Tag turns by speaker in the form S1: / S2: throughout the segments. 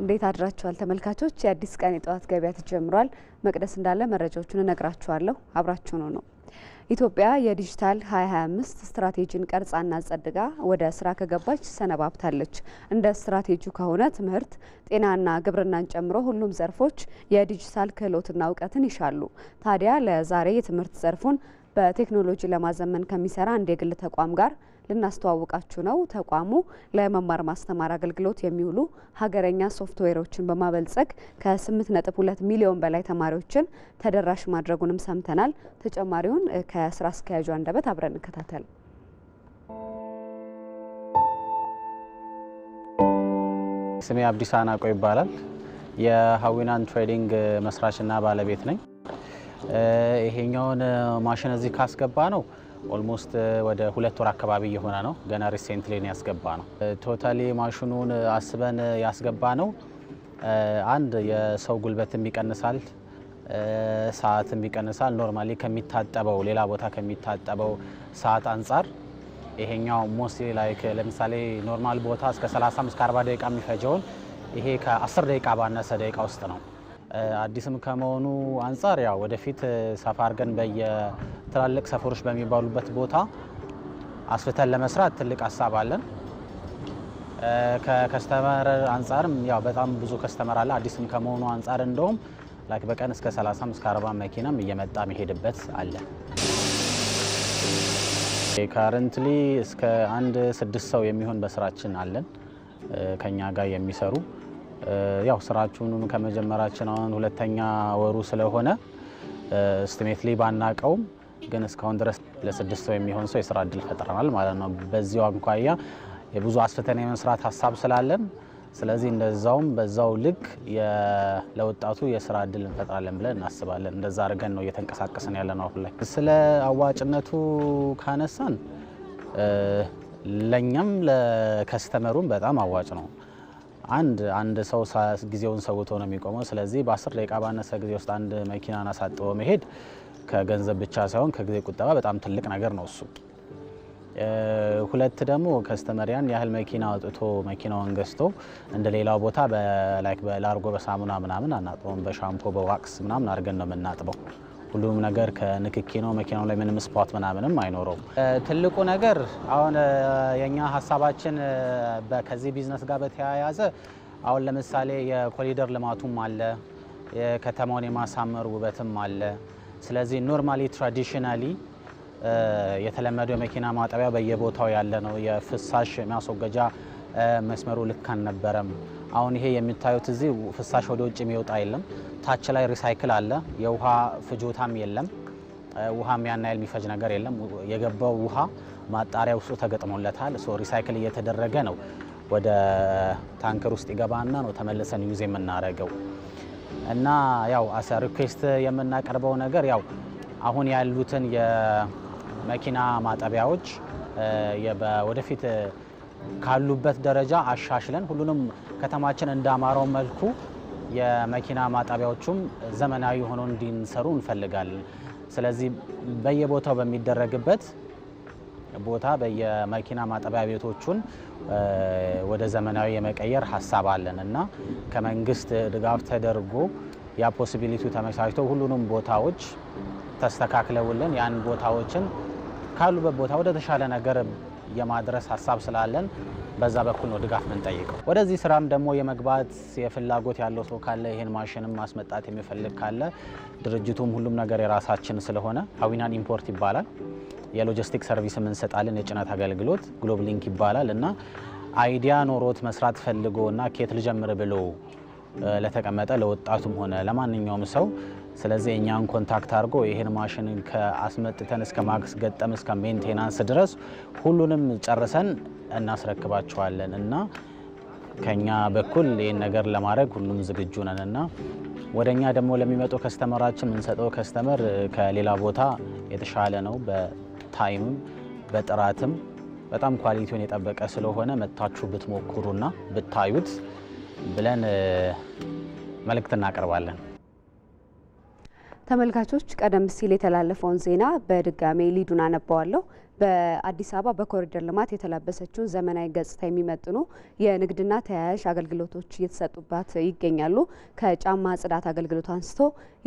S1: እንዴት አድራችኋል ተመልካቾች? የአዲስ ቀን የጠዋት ገበያ ተጀምሯል። መቅደስ እንዳለ መረጃዎቹን እነግራችኋለሁ። አብራችሁኑ ነው። ኢትዮጵያ የዲጂታል 2025 ስትራቴጂን ቀርጻና ጸድቃ ወደ ስራ ከገባች ሰነባብታለች። እንደ ስትራቴጂው ከሆነ ትምህርት፣ ጤናና ግብርናን ጨምሮ ሁሉም ዘርፎች የዲጂታል ክህሎትና እውቀትን ይሻሉ። ታዲያ ለዛሬ የትምህርት ዘርፉን በቴክኖሎጂ ለማዘመን ከሚሰራ አንድ የግል ተቋም ጋር ልናስተዋውቃችሁ ነው። ተቋሙ ለመማር ማስተማር አገልግሎት የሚውሉ ሀገረኛ ሶፍትዌሮችን በማበልጸግ ከ8.2 ሚሊዮን በላይ ተማሪዎችን ተደራሽ ማድረጉንም ሰምተናል። ተጨማሪውን ከስራ አስኪያጁ አንደበት አብረን እንከታተል።
S2: ስሜ አብዲሳ ናቆ ይባላል። የሀዊናን ትሬዲንግ መስራችና ባለቤት ነኝ። ይሄኛውን ማሽን እዚህ ካስገባ ነው ኦልሞስት ወደ ሁለት ወር አካባቢ እየሆነ ነው። ገና ሪሴንትሊ ያስገባ ነው። ቶታሊ ማሽኑን አስበን ያስገባ ነው። አንድ የሰው ጉልበትም ይቀንሳል፣ ሰዓትም ይቀንሳል። ኖርማሊ ከሚታጠበው ሌላ ቦታ ከሚታጠበው ሰዓት አንጻር ይሄኛው ሞስሊ ላይክ ለምሳሌ ኖርማል ቦታ እስከ 30 እስከ 40 ደቂቃ የሚፈጀውን ይሄ ከ10 ደቂቃ ባነሰ ደቂቃ ውስጥ ነው አዲስም ከመሆኑ አንጻር ያው ወደፊት ሰፋ አድርገን በየትላልቅ ሰፈሮች በሚባሉበት ቦታ አስፍተን ለመስራት ትልቅ ሀሳብ አለን። ከከስተመር አንጻርም ያው በጣም ብዙ ከስተመር አለ። አዲስም ከመሆኑ አንጻር እንደውም ላይክ በቀን እስከ 30 እስከ 40 መኪናም እየመጣ መሄድበት አለ። ካረንትሊ እስከ አንድ ስድስት ሰው የሚሆን በስራችን አለን ከኛ ጋር የሚሰሩ ያው ስራችሁንም ከመጀመራችን አሁን ሁለተኛ ወሩ ስለሆነ ስቲሜት ላይ ባናቀውም ግን እስካሁን ድረስ ለስድስት ሰው የሚሆን ሰው የስራ እድል ፈጥረናል ማለት ነው። በዚሁ አንኳያ የብዙ አስፍተን የመስራት ሀሳብ ስላለን ስለዚህ እንደዛውም በዛው ልክ ለወጣቱ የስራ እድል እንፈጥራለን ብለን እናስባለን። እንደዛ አድርገን ነው እየተንቀሳቀስን ያለ ነው። አሁን ላይ። ስለ አዋጭነቱ ካነሳን ለእኛም ለከስተመሩም በጣም አዋጭ ነው። አንድ አንድ ሰው ጊዜውን ሰውቶ ነው የሚቆመው። ስለዚህ በአስር ደቂቃ ባነሰ ጊዜ ውስጥ አንድ መኪናን አሳጥቦ መሄድ ከገንዘብ ብቻ ሳይሆን ከጊዜ ቁጠባ በጣም ትልቅ ነገር ነው እሱ። ሁለት ደግሞ ከስተመር ያን ያህል መኪና አውጥቶ መኪናውን ገዝቶ እንደ ሌላው ቦታ ላርጎ በሳሙና ምናምን አናጥበውም። በሻምፖ በዋክስ ምናምን አድርገን ነው የምናጥበው። ሁሉም ነገር ከንክኪ ነው። መኪናው ላይ ምንም ስፖት ምናምንም አይኖረውም። ትልቁ ነገር አሁን የኛ ሀሳባችን ከዚህ ቢዝነስ ጋር በተያያዘ አሁን ለምሳሌ የኮሊደር ልማቱም አለ፣ የከተማውን የማሳመር ውበትም አለ። ስለዚህ ኖርማሊ ትራዲሽናሊ የተለመደው የመኪና ማጠቢያ በየቦታው ያለ ነው። የፍሳሽ ማስወገጃ መስመሩ ልክ አልነበረም። አሁን ይሄ የሚታዩት እዚህ ፍሳሽ ወደ ውጭ የሚወጣ የለም። ታች ላይ ሪሳይክል አለ። የውሃ ፍጆታም የለም። ውሃ ያን ያህል የሚፈጅ ነገር የለም። የገባው ውሃ ማጣሪያ ውስጡ ተገጥሞለታል። ሶ ሪሳይክል እየተደረገ ነው ወደ ታንከር ውስጥ ይገባና ነው ተመልሰን ዩዝ የምናደርገው እና ያው አሰ ሪኩዌስት የምናቀርበው ነገር ያው አሁን ያሉትን የመኪና ማጠቢያዎች ወደፊት ካሉበት ደረጃ አሻሽለን ሁሉንም ከተማችን እንዳማረው መልኩ የመኪና ማጣቢያዎቹም ዘመናዊ ሆኖ እንዲንሰሩ እንፈልጋለን። ስለዚህ በየቦታው በሚደረግበት ቦታ በየመኪና ማጠቢያ ቤቶቹን ወደ ዘመናዊ የመቀየር ሀሳብ አለን እና ከመንግስት ድጋፍ ተደርጎ ያ ፖሲቢሊቲው ተመቻችቶ ሁሉንም ቦታዎች ተስተካክለውልን ያን ቦታዎችን ካሉበት ቦታ ወደ ተሻለ ነገር የማድረስ ሀሳብ ስላለን በዛ በኩል ነው ድጋፍ ምንጠይቀው። ወደዚህ ስራም ደግሞ የመግባት የፍላጎት ያለው ሰው ካለ ይህን ማሽንም ማስመጣት የሚፈልግ ካለ ድርጅቱም ሁሉም ነገር የራሳችን ስለሆነ አዊናን ኢምፖርት ይባላል። የሎጂስቲክ ሰርቪስ የምንሰጣለን የጭነት አገልግሎት ግሎብ ሊንክ ይባላል እና አይዲያ ኖሮት መስራት ፈልጎ እና ኬት ልጀምር ብሎ ለተቀመጠ ለወጣቱም ሆነ ለማንኛውም ሰው ስለዚህ እኛን ኮንታክት አድርጎ ይህን ማሽን ከአስመጥተን እስከ ማክስ ገጠም እስከ ሜንቴናንስ ድረስ ሁሉንም ጨርሰን እናስረክባቸዋለን እና ከኛ በኩል ይህን ነገር ለማድረግ ሁሉም ዝግጁ ነን እና ወደ እኛ ደግሞ ለሚመጡ ከስተመራችን የምንሰጠው ከስተመር ከሌላ ቦታ የተሻለ ነው። በታይምም በጥራትም በጣም ኳሊቲውን የጠበቀ ስለሆነ መታችሁ ብትሞክሩና ብታዩት ብለን መልእክት እናቀርባለን።
S1: ተመልካቾች ቀደም ሲል የተላለፈውን ዜና በድጋሜ ሊዱን አነባዋለሁ። በአዲስ አበባ በኮሪደር ልማት የተላበሰችውን ዘመናዊ ገጽታ የሚመጥኑ የንግድና ተያያዥ አገልግሎቶች እየተሰጡባት ይገኛሉ። ከጫማ ጽዳት አገልግሎት አንስቶ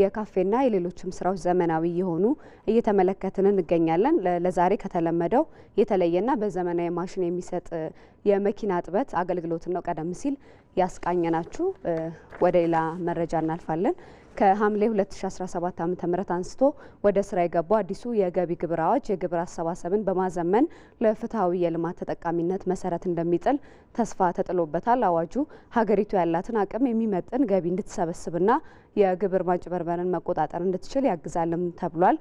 S1: የካፌና የሌሎችም ስራዎች ዘመናዊ የሆኑ እየተመለከትን እንገኛለን። ለዛሬ ከተለመደው የተለየና በዘመናዊ ማሽን የሚሰጥ የመኪና ጥበት አገልግሎትን ነው ቀደም ሲል ያስቃኘናችሁ። ወደ ሌላ መረጃ እናልፋለን። ከሐምሌ 2017 ዓ.ም አንስቶ ወደ ስራ የገባው አዲሱ የገቢ ግብር አዋጅ የግብር አሰባሰብን በማዘመን ለፍትሐዊ የልማት ተጠቃሚነት መሰረት እንደሚጥል ተስፋ ተጥሎበታል። አዋጁ ሀገሪቱ ያላትን አቅም የሚመጥን ገቢ እንድትሰበስብና የግብር ማጭበርበርን መቆጣጠር እንድትችል ያግዛልም ተብሏል።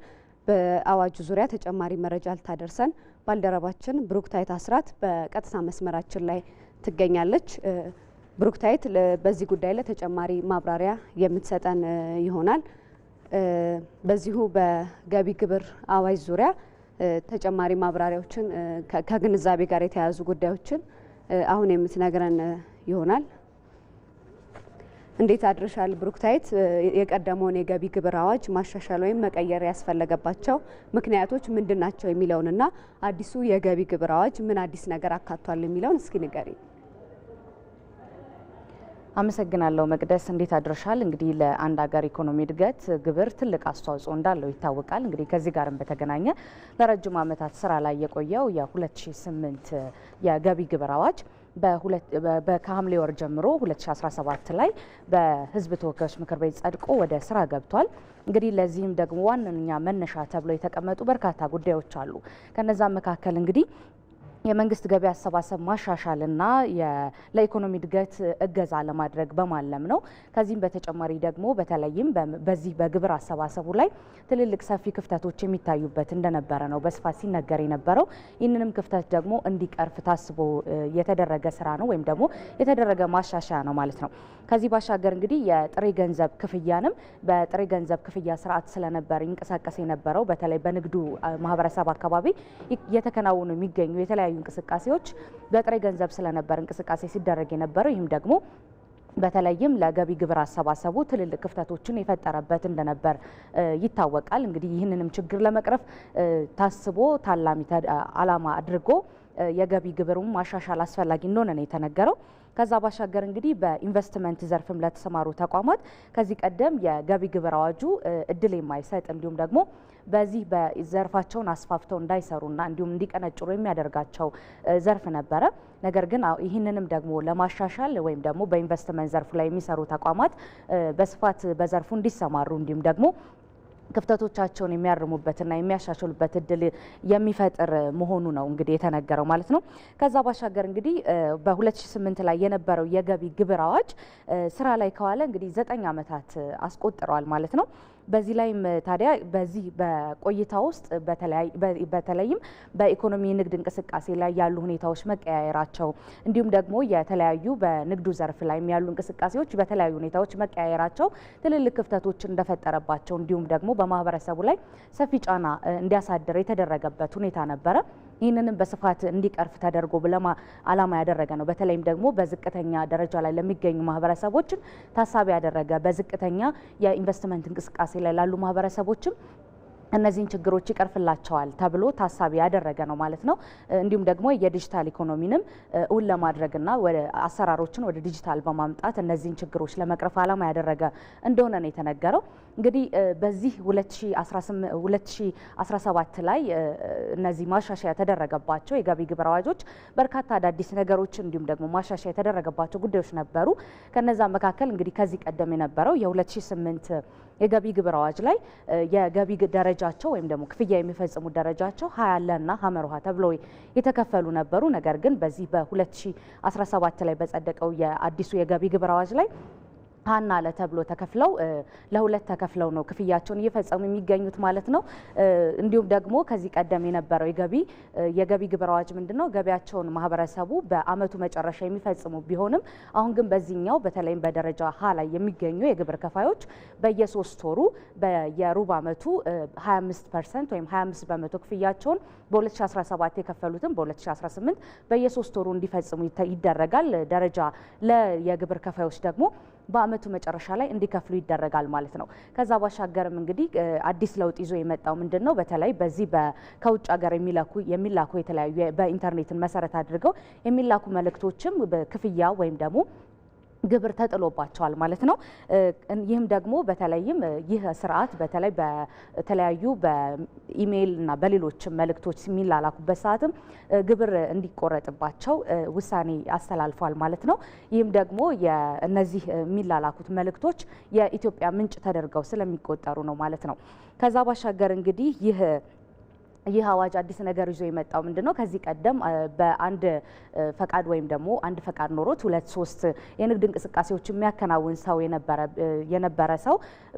S1: በአዋጁ ዙሪያ ተጨማሪ መረጃ ልታደርሰን ባልደረባችን ብሩክታይት አስራት በቀጥታ መስመራችን ላይ ትገኛለች። ብሩክታይት በዚህ ጉዳይ ላይ ተጨማሪ ማብራሪያ የምትሰጠን ይሆናል። በዚሁ በገቢ ግብር አዋጅ ዙሪያ ተጨማሪ ማብራሪያዎችን ከግንዛቤ ጋር የተያያዙ ጉዳዮችን አሁን የምትነግረን ይሆናል። እንዴት አድርሻል ብሩክታይት? የቀደመውን የገቢ ግብር አዋጅ ማሻሻል ወይም መቀየር ያስፈለገባቸው ምክንያቶች ምንድን ናቸው የሚለውንና አዲሱ የገቢ ግብር አዋጅ ምን አዲስ ነገር አካቷል የሚለውን እስኪ ንገሪ።
S3: አመሰግናለሁ መቅደስ፣ እንዴት አድረሻል? እንግዲህ ለአንድ ሀገር ኢኮኖሚ እድገት ግብር ትልቅ አስተዋጽኦ እንዳለው ይታወቃል። እንግዲህ ከዚህ ጋርም በተገናኘ ለረጅም ዓመታት ስራ ላይ የቆየው የ2008 የገቢ ግብር አዋጅ ከሐምሌ ወር ጀምሮ 2017 ላይ በሕዝብ ተወካዮች ምክር ቤት ጸድቆ ወደ ስራ ገብቷል። እንግዲህ ለዚህም ደግሞ ዋነኛ መነሻ ተብሎ የተቀመጡ በርካታ ጉዳዮች አሉ። ከነዛ መካከል እንግዲህ የመንግስት ገቢ አሰባሰብ ማሻሻልና ለኢኮኖሚ እድገት እገዛ ለማድረግ በማለም ነው። ከዚህም በተጨማሪ ደግሞ በተለይም በዚህ በግብር አሰባሰቡ ላይ ትልልቅ ሰፊ ክፍተቶች የሚታዩበት እንደነበረ ነው በስፋት ሲነገር የነበረው። ይህንንም ክፍተት ደግሞ እንዲቀርፍ ታስቦ የተደረገ ስራ ነው ወይም ደግሞ የተደረገ ማሻሻያ ነው ማለት ነው። ከዚህ ባሻገር እንግዲህ የጥሬ ገንዘብ ክፍያንም በጥሬ ገንዘብ ክፍያ ስርዓት ስለነበር ይንቀሳቀስ የነበረው በተለይ በንግዱ ማህበረሰብ አካባቢ እየተከናወኑ የሚገኙ የተለያዩ የተለያዩ እንቅስቃሴዎች በጥሬ ገንዘብ ስለነበር እንቅስቃሴ ሲደረግ የነበረው ይህም ደግሞ በተለይም ለገቢ ግብር አሰባሰቡ ትልልቅ ክፍተቶችን የፈጠረበት እንደነበር ይታወቃል። እንግዲህ ይህንንም ችግር ለመቅረፍ ታስቦ ታላሚ አላማ አድርጎ የገቢ ግብሩም ማሻሻል አስፈላጊ እንደሆነ ነው የተነገረው። ከዛ ባሻገር እንግዲህ በኢንቨስትመንት ዘርፍም ለተሰማሩ ተቋማት ከዚህ ቀደም የገቢ ግብር አዋጁ እድል የማይሰጥ እንዲሁም ደግሞ በዚህ በዘርፋቸውን አስፋፍተው እንዳይሰሩና እንዲሁም እንዲቀነጭሩ የሚያደርጋቸው ዘርፍ ነበረ። ነገር ግን ይህንንም ደግሞ ለማሻሻል ወይም ደግሞ በኢንቨስትመንት ዘርፉ ላይ የሚሰሩ ተቋማት በስፋት በዘርፉ እንዲሰማሩ እንዲሁም ደግሞ ክፍተቶቻቸውን የሚያርሙበትና የሚያሻሽሉበት እድል የሚፈጥር መሆኑ ነው እንግዲህ የተነገረው ማለት ነው። ከዛ ባሻገር እንግዲህ በ2008 ላይ የነበረው የገቢ ግብር አዋጅ ስራ ላይ ከዋለ እንግዲህ ዘጠኝ ዓመታት አስቆጥረዋል ማለት ነው። በዚህ ላይም ታዲያ በዚህ በቆይታ ውስጥ በተለይም በኢኮኖሚ ንግድ እንቅስቃሴ ላይ ያሉ ሁኔታዎች መቀያየራቸው እንዲሁም ደግሞ የተለያዩ በንግዱ ዘርፍ ላይም ያሉ እንቅስቃሴዎች በተለያዩ ሁኔታዎች መቀያየራቸው ትልልቅ ክፍተቶች እንደፈጠረባቸው እንዲሁም ደግሞ በማህበረሰቡ ላይ ሰፊ ጫና እንዲያሳድር የተደረገበት ሁኔታ ነበረ። ይህንንም በስፋት እንዲቀርፍ ተደርጎ ብለማ አላማ ያደረገ ነው። በተለይም ደግሞ በዝቅተኛ ደረጃ ላይ ለሚገኙ ማህበረሰቦችን ታሳቢ ያደረገ በዝቅተኛ የኢንቨስትመንት እንቅስቃሴ ላይ ላሉ ማህበረሰቦችም እነዚህን ችግሮች ይቀርፍላቸዋል ተብሎ ታሳቢ ያደረገ ነው ማለት ነው። እንዲሁም ደግሞ የዲጂታል ኢኮኖሚንም እውን ለማድረግና አሰራሮችን ወደ ዲጂታል በማምጣት እነዚህን ችግሮች ለመቅረፍ ዓላማ ያደረገ እንደሆነ ነው የተነገረው። እንግዲህ በዚህ 2017 ላይ እነዚህ ማሻሻያ የተደረገባቸው የገቢ ግብር አዋጆች በርካታ አዳዲስ ነገሮች እንዲሁም ደግሞ ማሻሻያ የተደረገባቸው ጉዳዮች ነበሩ። ከነዛ መካከል እንግዲህ ከዚህ ቀደም የነበረው የ2008 የገቢ ግብር አዋጅ ላይ የገቢ ደረጃቸው ወይም ደግሞ ክፍያ የሚፈጽሙት ደረጃቸው ሀያለና ሀመር ውሃ ተብሎ የተከፈሉ ነበሩ። ነገር ግን በዚህ በ2017 ላይ በጸደቀው የአዲሱ የገቢ ግብር አዋጅ ላይ ሀናለ ተብሎ ተከፍለው ለሁለት ተከፍለው ነው ክፍያቸውን እየፈጸሙ የሚገኙት ማለት ነው። እንዲሁም ደግሞ ከዚህ ቀደም የነበረው የገቢ የገቢ ግብር አዋጅ ምንድን ነው ገቢያቸውን ማህበረሰቡ በአመቱ መጨረሻ የሚፈጽሙ ቢሆንም አሁን ግን በዚህኛው በተለይም በደረጃ ሀ ላይ የሚገኙ የግብር ከፋዮች በየሶስት ወሩ በየሩብ አመቱ 25 ፐርሰንት ወይም 25 በመቶ ክፍያቸውን በ2017 የከፈሉትን በ2018 በየሶስት ወሩ እንዲፈጽሙ ይደረጋል። ደረጃ ለየግብር ከፋዮች ደግሞ በአመቱ መጨረሻ ላይ እንዲከፍሉ ይደረጋል ማለት ነው። ከዛ ባሻገርም እንግዲህ አዲስ ለውጥ ይዞ የመጣው ምንድን ነው? በተለይ በዚህ ከውጭ ሀገር የሚላኩ የተለያዩ በኢንተርኔትን መሰረት አድርገው የሚላኩ መልእክቶችም ክፍያ ወይም ደግሞ ግብር ተጥሎባቸዋል ማለት ነው። ይህም ደግሞ በተለይም ይህ ስርዓት በተለይ በተለያዩ በኢሜይል እና በሌሎች መልእክቶች የሚላላኩበት ሰዓትም ግብር እንዲቆረጥባቸው ውሳኔ አስተላልፏል ማለት ነው። ይህም ደግሞ እነዚህ የሚላላኩት መልእክቶች የኢትዮጵያ ምንጭ ተደርገው ስለሚቆጠሩ ነው ማለት ነው። ከዛ ባሻገር እንግዲህ ይህ ይህ አዋጅ አዲስ ነገር ይዞ የመጣው ምንድነው? ከዚህ ቀደም በአንድ ፈቃድ ወይም ደግሞ አንድ ፈቃድ ኖሮት ሁለት ሶስት የንግድ እንቅስቃሴዎች የሚያከናውን ሰው የነበረ ሰው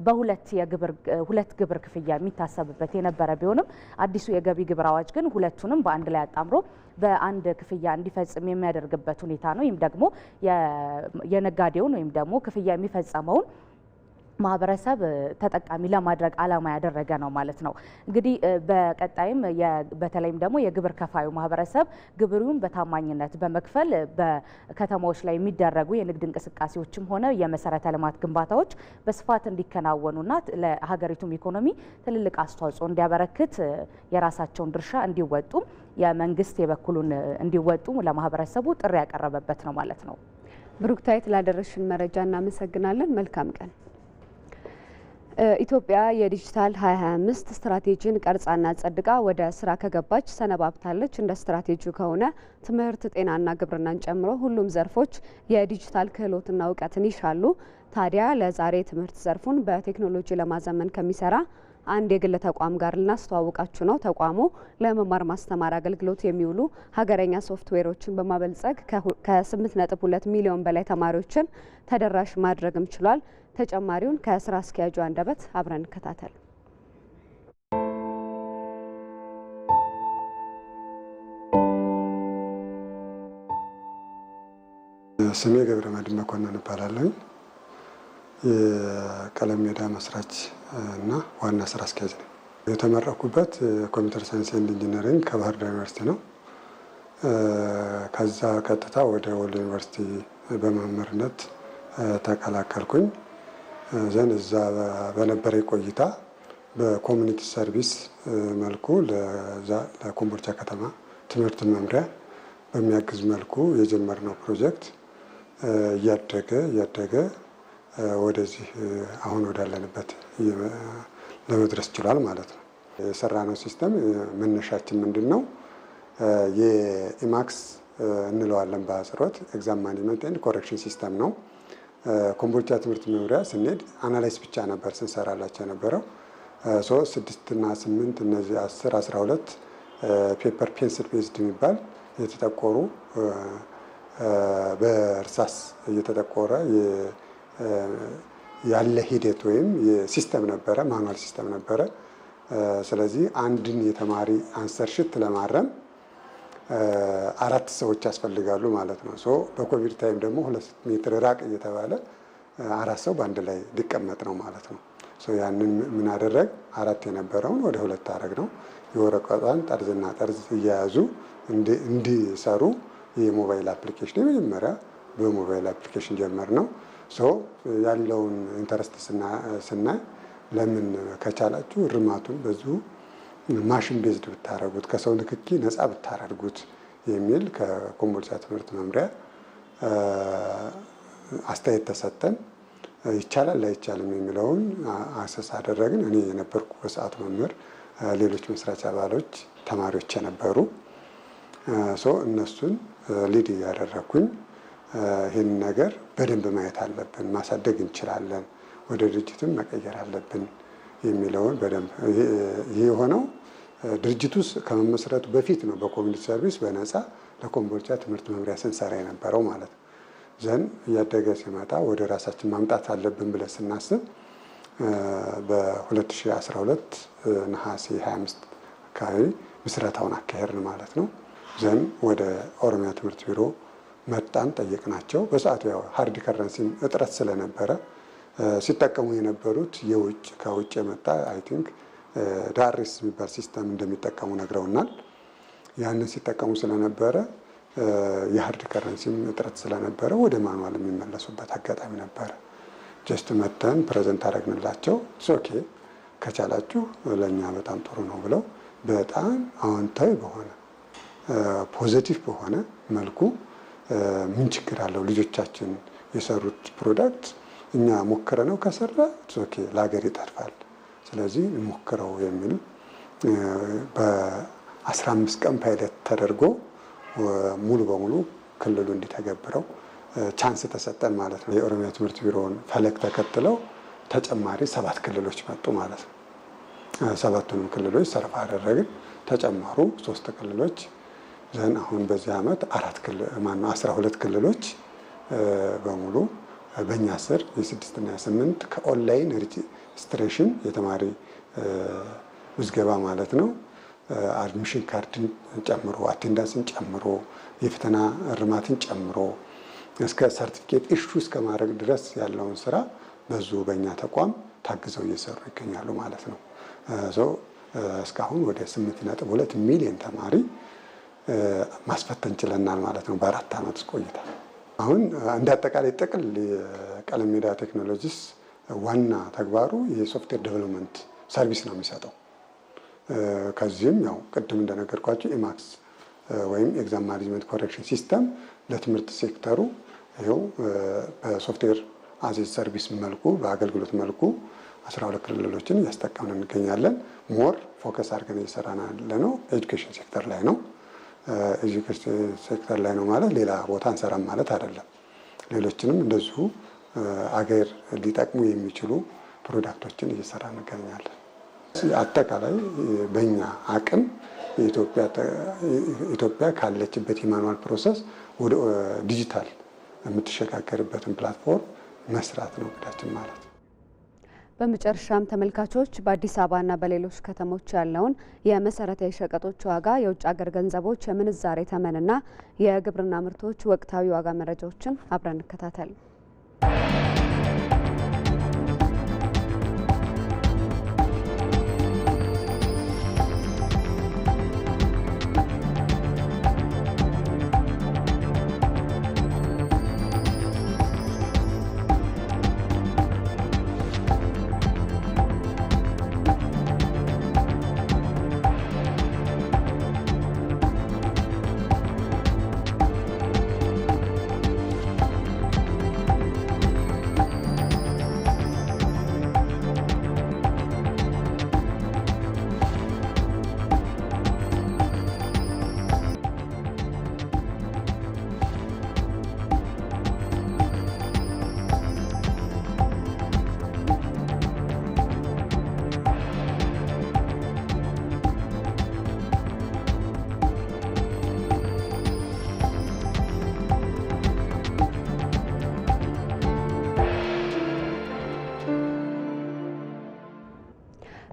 S3: በሁለት የግብር ሁለት ግብር ክፍያ የሚታሰብበት የነበረ ቢሆንም አዲሱ የገቢ ግብር አዋጅ ግን ሁለቱንም በአንድ ላይ አጣምሮ በአንድ ክፍያ እንዲፈጽም የሚያደርግበት ሁኔታ ነው። ይህም ደግሞ የነጋዴውን ወይም ደግሞ ክፍያ የሚፈጸመውን ማህበረሰብ ተጠቃሚ ለማድረግ አላማ ያደረገ ነው ማለት ነው። እንግዲህ በቀጣይም በተለይም ደግሞ የግብር ከፋዩ ማህበረሰብ ግብሩን በታማኝነት በመክፈል በከተማዎች ላይ የሚደረጉ የንግድ እንቅስቃሴዎችም ሆነ የመሰረተ ልማት ግንባታዎች በስፋት እንዲከናወኑና ለሀገሪቱም ኢኮኖሚ ትልልቅ አስተዋጽኦ እንዲያበረክት የራሳቸውን ድርሻ እንዲወጡም የመንግስት የበኩሉን እንዲወጡ ለማህበረሰቡ ጥሪ ያቀረበበት ነው ማለት ነው። ብሩክታይት ላደረሽን መረጃ
S1: እናመሰግናለን። መልካም ቀን። ኢትዮጵያ የዲጂታል 2025 ስትራቴጂን ቀርጻና ጸድቃ ወደ ስራ ከገባች ሰነባብታለች። እንደ ስትራቴጂው ከሆነ ትምህርት፣ ጤናና ግብርናን ጨምሮ ሁሉም ዘርፎች የዲጂታል ክህሎትና እውቀትን ይሻሉ። ታዲያ ለዛሬ ትምህርት ዘርፉን በቴክኖሎጂ ለማዘመን ከሚሰራ አንድ የግል ተቋም ጋር ልናስተዋውቃችሁ ነው። ተቋሙ ለመማር ማስተማር አገልግሎት የሚውሉ ሀገረኛ ሶፍትዌሮችን በማበልጸግ ከ8.2 ሚሊዮን በላይ ተማሪዎችን ተደራሽ ማድረግም ችሏል። ተጨማሪውን ከስራ አስኪያጁ አንደበት አብረን እንከታተል።
S4: ስሜ ገብረ መድን መኮንን እባላለሁ። የቀለም ሜዳ መስራች እና ዋና ስራ አስኪያጅ ነው። የተመረኩበት ኮምፒውተር ሳይንስ ኤንድ ኢንጂነሪንግ ከባህር ዳር ዩኒቨርሲቲ ነው። ከዛ ቀጥታ ወደ ወሎ ዩኒቨርሲቲ በመምህርነት ተቀላቀልኩኝ። ዘን እዛ በነበረ ቆይታ በኮሚኒቲ ሰርቪስ መልኩ ለኮምቦልቻ ከተማ ትምህርት መምሪያ በሚያግዝ መልኩ የጀመርነው ፕሮጀክት እያደገ እያደገ ወደዚህ አሁን ወዳለንበት ለመድረስ ችሏል ማለት ነው። የሰራነው ሲስተም መነሻችን ምንድን ነው? የኢማክስ እንለዋለን በአጽሮት ኤግዛም ማኔጅመንት ኤንድ ኮሬክሽን ሲስተም ነው። ኮምቦልቻ ትምህርት መምሪያ ስንሄድ አናላይስ ብቻ ነበር ስንሰራላቸው የነበረው ሶስት ስድስት እና ስምንት እነዚህ አስር አስራ ሁለት ፔፐር ፔንስል ቤዝድ የሚባል የተጠቆሩ በእርሳስ እየተጠቆረ ያለ ሂደት ወይም ሲስተም ነበረ፣ ማኑዋል ሲስተም ነበረ። ስለዚህ አንድን የተማሪ አንሰር ሽት ለማረም አራት ሰዎች ያስፈልጋሉ ማለት ነው። በኮቪድ ታይም ደግሞ ሁለት ሜትር ራቅ እየተባለ አራት ሰው በአንድ ላይ ሊቀመጥ ነው ማለት ነው። ያንን ምን አደረግ አራት የነበረውን ወደ ሁለት አደረግ ነው። የወረቀቷን ጠርዝና ጠርዝ እየያዙ እንዲሰሩ የሞባይል አፕሊኬሽን የመጀመሪያ በሞባይል አፕሊኬሽን ጀመር ነው። ሶ ያለውን ኢንተረስት ስናይ ለምን ከቻላችሁ እርማቱን በዚሁ ማሽን ቤዝድ ብታደረጉት ከሰው ንክኪ ነፃ ብታደርጉት የሚል ከኮምቦልቻ ትምህርት መምሪያ አስተያየት ተሰጠን። ይቻላል አይቻልም የሚለውን አሰሳ አደረግን። እኔ የነበርኩ በሰዓቱ መምህር፣ ሌሎች መስራች አባሎች ተማሪዎች የነበሩ እነሱን ሊድ እያደረግኩኝ ይህን ነገር በደንብ ማየት አለብን። ማሳደግ እንችላለን፣ ወደ ድርጅትም መቀየር አለብን የሚለውን በደንብ ይህ የሆነው ድርጅቱ ከመመስረቱ በፊት ነው። በኮሚኒቲ ሰርቪስ በነፃ ለኮምቦልቻ ትምህርት መምሪያ ስንሰራ የነበረው ማለት ነው። ዘን እያደገ ሲመጣ ወደ ራሳችን ማምጣት አለብን ብለን ስናስብ በ2012 ነሐሴ 25 አካባቢ ምስረታውን አካሄድን ማለት ነው። ዘን ወደ ኦሮሚያ ትምህርት ቢሮ መጣን፣ ጠየቅናቸው። በሰዓቱ ያው ሀርድ ከረንሲ እጥረት ስለነበረ ሲጠቀሙ የነበሩት የውጭ ከውጭ የመጣ አይ ቲንክ ዳሪስ የሚባል ሲስተም እንደሚጠቀሙ ነግረውናል። ያንን ሲጠቀሙ ስለነበረ የሀርድ ከረንሲም እጥረት ስለነበረ ወደ ማኑዋል የሚመለሱበት አጋጣሚ ነበረ። ጀስት መተን ፕሬዘንት አደረግንላቸው። ኦኬ ከቻላችሁ ለእኛ በጣም ጥሩ ነው ብለው በጣም አዎንታዊ በሆነ ፖዘቲቭ በሆነ መልኩ ምን ችግር አለው? ልጆቻችን የሰሩት ፕሮዳክት እኛ ሞክረ ነው ከሰራ ኦኬ ለሀገር ይጠርፋል። ስለዚህ ሞክረው የሚል በ15 ቀን ፓይለት ተደርጎ ሙሉ በሙሉ ክልሉ እንዲተገብረው ቻንስ ተሰጠን ማለት ነው። የኦሮሚያ ትምህርት ቢሮውን ፈለግ ተከትለው ተጨማሪ ሰባት ክልሎች መጡ ማለት ነው። ሰባቱንም ክልሎች ሰርፍ አደረግን። ተጨማሩ ሶስት ክልሎች ዘን አሁን በዚህ ዓመት አራት ማነው አስራ ሁለት ክልሎች በሙሉ በእኛ ስር የስድስትና የስምንት ከኦንላይን ሬጅስትሬሽን የተማሪ ምዝገባ ማለት ነው አድሚሽን ካርድን ጨምሮ አቴንዳንስን ጨምሮ የፈተና እርማትን ጨምሮ እስከ ሰርቲፊኬት እሹ እስከ ማድረግ ድረስ ያለውን ስራ በዙ በእኛ ተቋም ታግዘው እየሰሩ ይገኛሉ ማለት ነው። እስካሁን ወደ ስምንት ነጥብ ሁለት ሚሊዮን ተማሪ ማስፈተን ችለናል ማለት ነው። በአራት ዓመት ቆይታ አሁን እንደ አጠቃላይ ጥቅል የቀለም ሜዳ ቴክኖሎጂስ ዋና ተግባሩ የሶፍትዌር ዴቨሎፕመንት ሰርቪስ ነው የሚሰጠው። ከዚህም ያው ቅድም እንደነገርኳቸው ኢማክስ ወይም ኤግዛም ማኔጅመንት ኮሬክሽን ሲስተም ለትምህርት ሴክተሩ ይኸው በሶፍትዌር አዜዝ ሰርቪስ መልኩ በአገልግሎት መልኩ አስራ ሁለት ክልሎችን እያስጠቀምን እንገኛለን። ሞር ፎከስ አድርገን እየሰራን ነው ኤጁኬሽን ሴክተር ላይ ነው። እዚህ ቅርስ ሴክተር ላይ ነው ማለት ሌላ ቦታ እንሰራም ማለት አይደለም። ሌሎችንም እንደዚሁ አገር ሊጠቅሙ የሚችሉ ፕሮዳክቶችን እየሰራ እንገኛለን። አጠቃላይ በኛ አቅም ኢትዮጵያ ካለችበት የማኑዋል ፕሮሰስ ወደ ዲጂታል የምትሸጋገርበትን ፕላትፎርም መስራት ነው እቅዳችን ማለት ነው።
S1: በመጨረሻም ተመልካቾች በአዲስ አበባና በሌሎች ከተሞች ያለውን የመሰረታዊ ሸቀጦች ዋጋ፣ የውጭ ሀገር ገንዘቦች የምንዛሬ ተመንና የግብርና ምርቶች ወቅታዊ ዋጋ መረጃዎችን አብረን እንከታተል።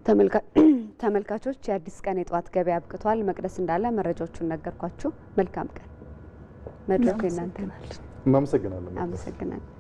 S1: ተመልካቾች የአዲስ ቀን የጠዋት ገበያ አብቅቷል። መቅደስ እንዳለ መረጃዎቹን ነገርኳችሁ። መልካም ቀን። መድረኩ የእናንተ
S2: ነው። አመሰግናለን።